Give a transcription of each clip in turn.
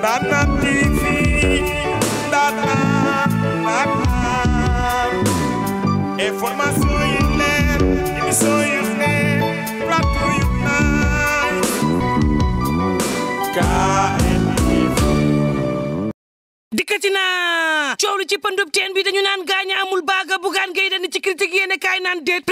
Ndanane TV Ndanane Ndanane information yu leer émission yu leer plateau yu naaj KNTV dikkati naa coow ci pëndub teen bi dañu naan gaañ amul baa baaga bugaan ngay dani ci critique yéen kaay naan déet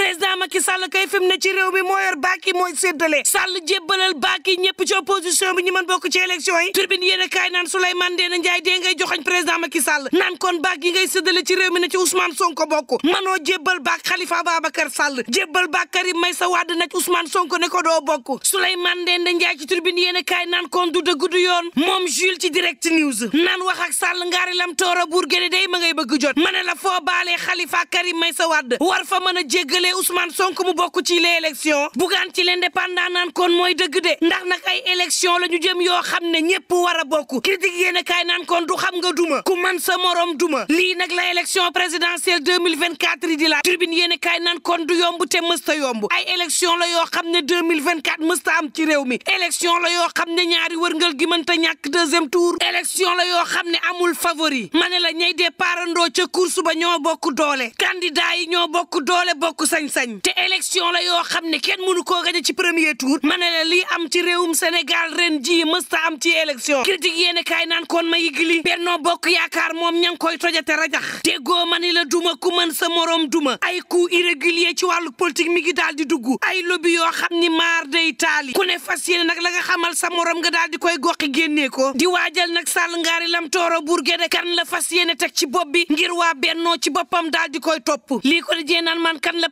Macky Sall kay fi mu ne ci réew mi moo yor baak yi mooy séddale Sall jébbalal baak yi ñëpp ci opposition bi ñu mën bokk ci élection yi turbine yéen a kaay naan Souleymane Ndéné Ndiaye dee ngay joxoñ président Macky Sall naan kon baak yi ngay séddale ci réew mi na ci Ousmane Sonko bokk manoo jébbal baak baaba Babacar Sall jébbal baak Karim Meïssa Wade na ci Ousmane Sonko ne ko doo bokk Souleymane Ndéné Ndiaye ci turbine yéen a kaay naan kon du dëgg du yoon moom Jules ci direct news naan wax ak Sall ngaari lam toora buur géne day ma ngay bëgg jot ma ne la foo baalee Khalifa Karim Meïssa Wade war fa mën a jéggalee Ousmane Sonko mu bokk ci les élections bugaan ci l'indépendant naan koon mooy dëgg de ndax nag ay élection la ñu jëm yoo xam ne ñépp war a bokk critique yéen kaay naan kon du xam nga duma ku man sa morom duma lii nag la élection présidentielle 2024 di la tribune yéen kaay naan kon du yomb te mësta yomb ay élection la yoo xam ne 2024 mësta am ci réew mi élection la yoo xam ne ñaari wërngal gi mënta ñàkk deuxième tour élection la yoo xam ne amul favori ma ne la ñay départandoo ca course ba ñoo bokk doole candidat yi ñoo bokk doole bokk sañ-sañ te élection la yoo xam ne kenn mënu koo gañe ci premier tour ma ne la lii am ci réewum Sénégal ren ji mësta am ci élection critique yéen kaay naan kon ma yigli Benno Bokk Yaakaar moom ña ngi koy tojate rajax déggoo ma ni la duma ku man sa morom duma ay coup irrégulier ci wàllu politique mi ngi daal di dugg ay lobby yoo xam ni maar day taali ku ne fas yéene nag la nga xamal sa morom nga dal di koy goxi génnee ko di waajal nag sàll ngaari lam tooro buur gede kan la fas yéene teg ci bopp bi ngir waa Benno ci boppam daal di ko di jee naan man kan la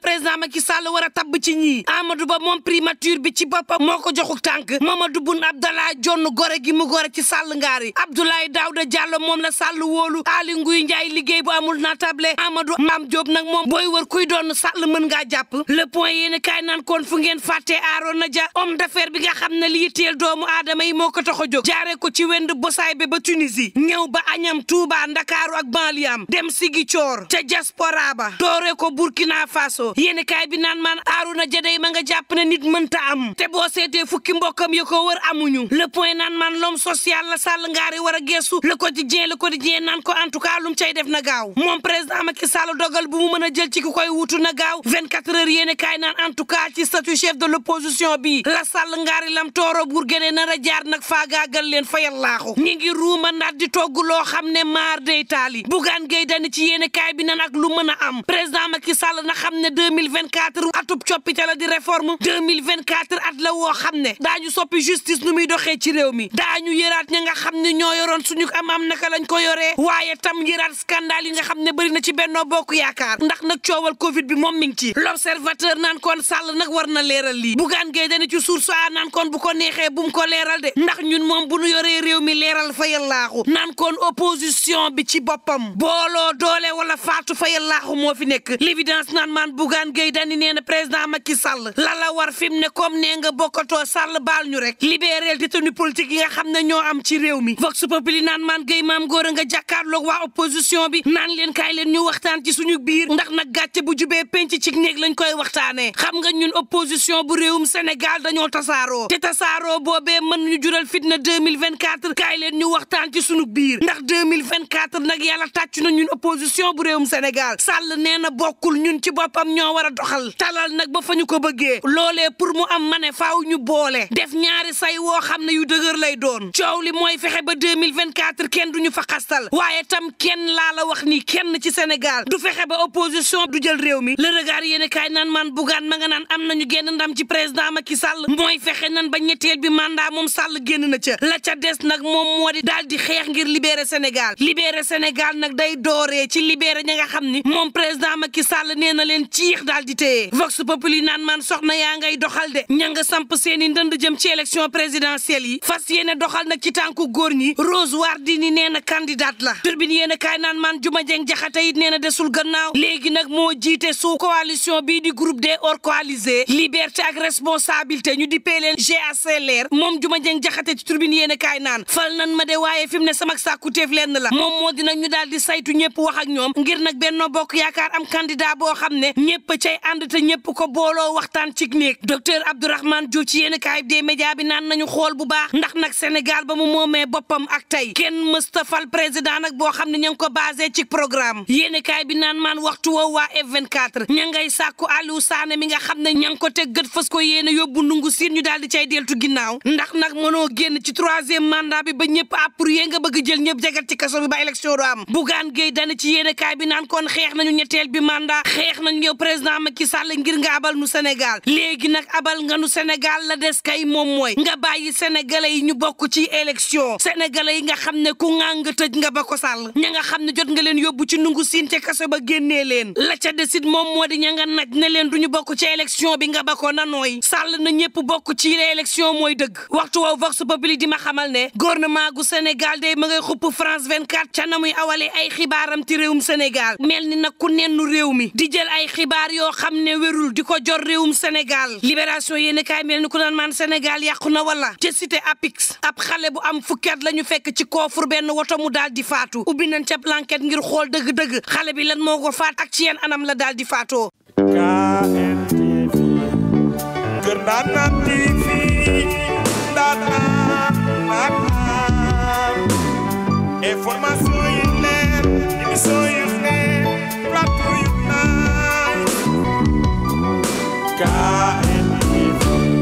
Sall war a tabb ci ñii Amadou Ba moom primature bi ci boppam moo ko joxuk tànk Mamadou Boun Abdallah jonn gore gi mu gore ci Sall ngaari Abdoulaye Daouda Diallo moom la Sall wóolu Aly Ngouille Ndiaye liggéey bu amul na naatable Amadou Mame Diop nag moom booy wër kuy doon Sall mën ngaa jàpp le point yéen kaay naan kon fu ngeen fàttee Arona Dia homme d'affaires bi nga xam ne lii teel doomu aadama yi moo ko tax a jóg jaare ko ci wend bosaay be ba Tunisie ñëw ba añam Touba Ndakaaru ak banliyaam dem Ziguinchor ca diaspora ba doore ko Burkina Faso yéen bi naan maan aaruna jadey ma nga jàpp ne nit mënta am te boo seetee fukki mbokkam ye ko wër amuñu le point naan man l'homme social la sàll ngaari war a geesu le ko le quotidien naan ko en tout cas lu mu cay def na gaaw moom président Macky dogal bu mu mën a jël ci ko koy wutu na gaaw 24 heures yéene kaay naan en tout cas ci statut chef de l'opposition bi la sàll ngaari lam tooro buur génee nar a jaar nag faagaagal leen fa yallaaxu ñi ngi ruuma naat di togg loo xam ne maar day taali bugaan gay dani ci yéene kaay bi nan ak lu mën a am président Macky Sall na xam ne 2024 2024 atub coppite la di réforme 2024 woo xam ne daañu soppi justice nu muy doxee ci réew mi daañu yëraat ña nga xam ne ñoo yoroon suñu amaam naka lañ ko yoree waaye tam yëraat scandale nga xam ne bëri na ci Benno Bokk Yaakaar ndax nag coowal Covid bi moom mi ngi ci l'observateur naan kon Sall nag war na leeral lii bugaan gay dana ci suur saa naan kon bu ko neexee bu mu ko leeral de ndax ñun moom bu nu yoree réew mi leeral fa yallaaxu naan kon opposition bi ci boppam booloo doole wala faatu fa yallaaxu moo fi nekk l'évidence naan maan bugaan gay Dany nee na président Macky Sall la la war fi mu ne comme nee nga bokkatoo Sall baal ñu rek libéral détenu politique yi nga xam ne ñoo am ci réew mi vox populi naan maan gay maam góor nga nga jàkkaarloog waa opposition bi naan leen kaay leen ñu waxtaan ci suñu biir ndax nag àtte bu jubee penc ci néeg lañ koy waxtaanee xam nga ñun opposition bu réewum Sénégal dañoo tasaaroo te tasaaro boobee man ñu jural fitna 2024 kaay leen ñu waxtaan ci sunu biir ndax 2024 nag yàlla tàcc na ñun opposition bu réewum Sénégal Sall nee na bokkul ñun ci boppam ñoo war a doxal talal nag ba fa ñu ko bëggee loole pour mu am ma ne faaw ñu boole def ñaari say woo xam na yu dëgër lay doon coow li mooy fexe ba 2024 kenn du ñu fa xastal waaye tam kenn laa la wax ni kenn ci Sénégal jël réew mi le regard yéen kaay naan man bugaan ma nga naan am nañu génn ndam ci président Macky Sall mooy fexe nan ba ñetteel bi mandat moom Sall génn na ca la ca des nag moom moo di daal xeex ngir libérer Sénégal libérer Sénégal nag day dooree ci libérer ña nga xam ni moom président Macky Sall nee na leen ciix daal di téye Vox Populi naan man soxna yaa ngay doxal de ña nga samp seen i ndënd jëm ci élection présidentielle yi fas yéene doxal nag ci tànku góor ñi Rose Wardini nee na candidate la turbine yéen kaay naan man Juma Jeng Jaxate it nee desul gannaaw léegi nag moo jiite sous coalition bii di groupe des hors coalisés liberté ak responsabilité ñu di pee leen GACLR moom Juma Jeng Jaxate ci tribune yéen kaay naan fal nan ma de waaye fi mu ne sama sàkkuteef lenn la moom moo dina ñu daal di saytu ñëpp wax ak ñoom ngir nag Benno Bokk Yaakaar am candidat boo xam ne ñëpp cay ànd te ñëpp ko booloo waxtaan ci néeg docteur Abdourahmane Diouf ci yéen kaay des médias bi naan nañu xool bu baax ndax nag Sénégal ba mu moomee boppam ak tey kenn mësta fal président nag boo xam ne ña ngi ko basé ci programme yéen bi naan maan waxtu F24 ña ngay sàkku Aliou Sané mi nga xam ne ña ngi ko teg gët fas ko yéene yóbbu ndungu siin ñu daal di cay deltu ginnaaw ndax nag mënoo génn ci troisième mandat bi ba ñëpp approuvé nga bëgg jël ñëpp jagat ci kaso bi ba élection do am Bougane Gueye Dany ci yéene kaay bi naan kon xeex nañu ñetteel bi mandat xeex nañu yow président Macky Sall ngir nga abal nu Sénégal léegi nag abal nga nu senegal la des kay moom mooy nga bàyyi sénégalais yi ñu bokk ci élection sénégalais yi nga xam ne ku ngang tëj nga ba ko sàll ña nga xam ne jot nga leen yóbbu ci ndungu siin ca kaso ba génnee ca décide moom moo di ña nga naj ne leen duñu bokk ci élection bi nga bakoo na nooy sàll na ñëpp bokk ci élection mooy dëgg waxtu woow vox populi di ma xamal ne gouvernement gu Sénégal day ma ngay xupp France 24 ca na muy awale ay xibaaram ci réewum Sénégal mel ni nag ku nennu réew mi di jël ay xibaar yoo xam ne wérul di ko jor réewum Sénégal libération yéen kaay mel ni ku naan maan Sénégal yàqu na wala ca cité Apix ab xale bu am fukki at la ñu fekk ci koofur benn mu daal di faatu ubbi xool dëgg-dëgg xale bi lan anam la daal di faatoo. KNTV Kër Ndanaan TV Ndanaan Ndanaan information